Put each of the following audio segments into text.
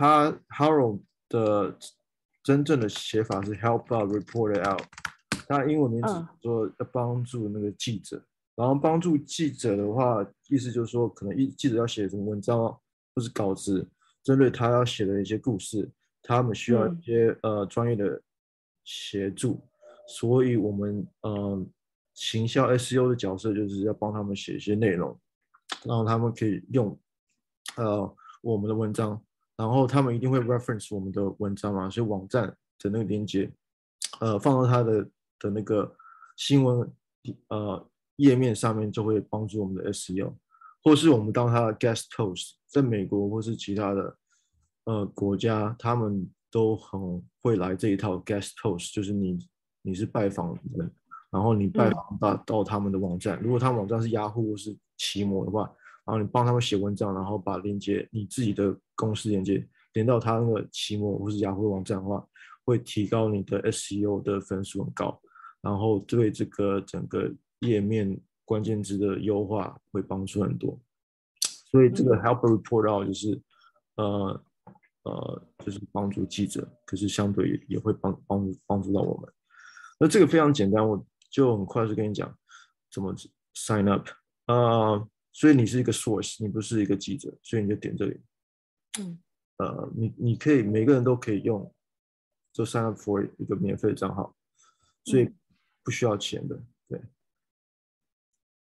他 HARO 的真正的寫法是 help a reporter out。他英文名字說要幫助那個記者，嗯、然後幫助記者的話，意思就是說，可能一記者要寫什麼文章或是稿子，針對他要寫的一些故事，他們需要一些、嗯、呃專業的協助。所以，我們嗯、呃，行銷 SEO 的角色就是要幫他們寫一些內容，然後他們可以用呃我們的文章。然後他們一定會 reference 我們的文章嘛，所以網站的那個鏈接，呃，放到他的的那個新聞呃頁面上面，就會幫助我們的 SEO，或是我們當他的 guest post，在美國或是其他的呃國家，他們都很會來這一套 guest post，就是你你是拜訪的人，然後你拜訪到到他們的網站，嗯、如果他們網站是 Yahoo 或是奇摩的話。然後你幫他們寫文章，然後把連接你自己的公司連接連到他那個奇摩，或是雅虎網站的話，會提高你的 SEO 的分數很高，然後對這個整個頁面關鍵字的優化會幫助很多。所以這個 Help A Reporter Out 就是呃呃，就是幫助記者，可是相對也，也會幫幫幫助到我們。那這個非常簡單，我就很快就跟你講怎麼 Sign Up、呃所以你是一個 source，你不是一個記者，所以你就點這裡。嗯。Uh, 你你可以每個人都可以用，就 sign up for 一個免費的賬號，所以不需要錢的。嗯，對。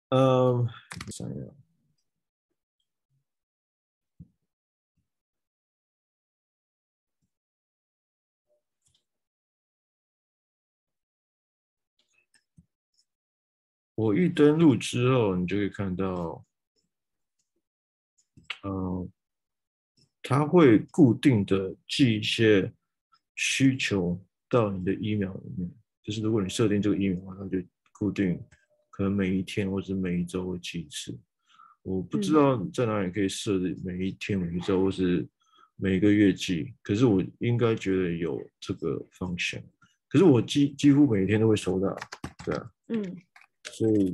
嗯。想想我一登錄之後，你就可以看到。嗯、呃，他會固定的寄一些需求到你的 email 裡面，就是如果你設定這個 email，那就固定可能每一天或者每一周寄一次。我不知道在哪裡可以設定每一天、嗯、每一周或是每個月寄，可是我應該覺得有這個方向。可是我幾幾乎每一天都會收到，對啊，嗯，所以。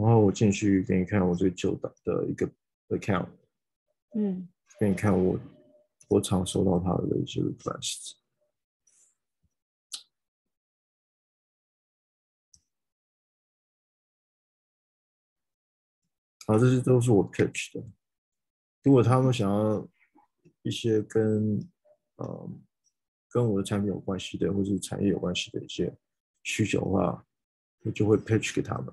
然後我進去給你看我最舊的一個 account，嗯，給你看我我常收到他的一些 requests。好，這些都是我 pitch 的。如果他們想要一些跟呃跟我的產品有關係的，或者是產業有關係的一些需求的話，我就會 pitch 給他們。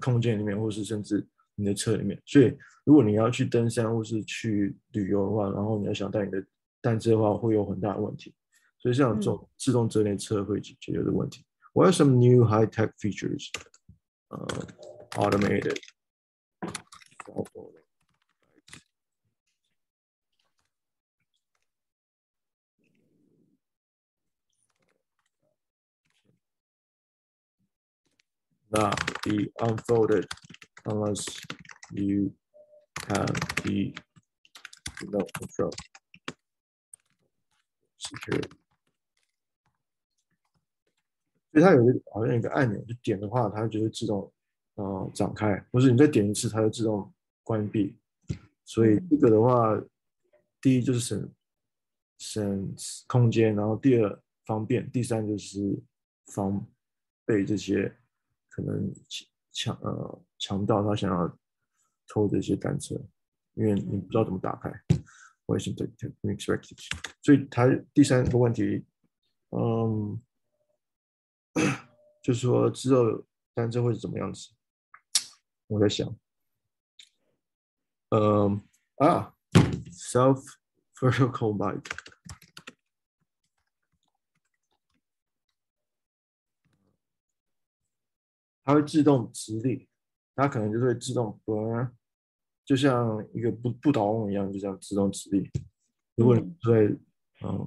空間裡面，或是甚至你的車裡面，所以如果你要去登山或是去旅遊的話，然後你要想帶你的單車的話，會有很大的問題。所以像這種自動折疊車會解決這個問題。我要什麼 new high-tech features? 呃、uh, automated. 那 be unfolded unless you can be no control. Secure. 所以它有一個好像一個按鈕，就點的話，它就會自動呃展開，不是你再點一次，它就自動關閉。所以這個的話，第一就是省省空間，然後第二方便，第三就是防備這些。可能強呃強到他想要偷這些單車，因為你不知道怎麼打開，我也是對 unexpected。所以他第三個問題，嗯，就是說知道單車會是怎麼樣子？我在想，嗯啊，self vertical bike。它會自動直立，它可能就會自動，嗯、呃，就像一個不不倒翁一樣，就這樣自動直立。如果你在，嗯，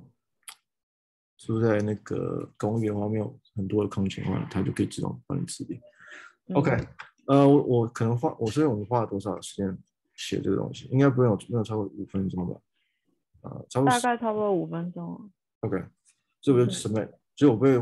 住、嗯、在那個公園旁邊有很多的空間的話，它就可以自動幫你直立。嗯、OK，呃，我我可能花，我所以我們花了多少時間寫這個東西？應該不用，沒有超過五分鐘吧？啊、呃，差不多，大概差不多五分鐘。OK，這就有什麼？就對我會。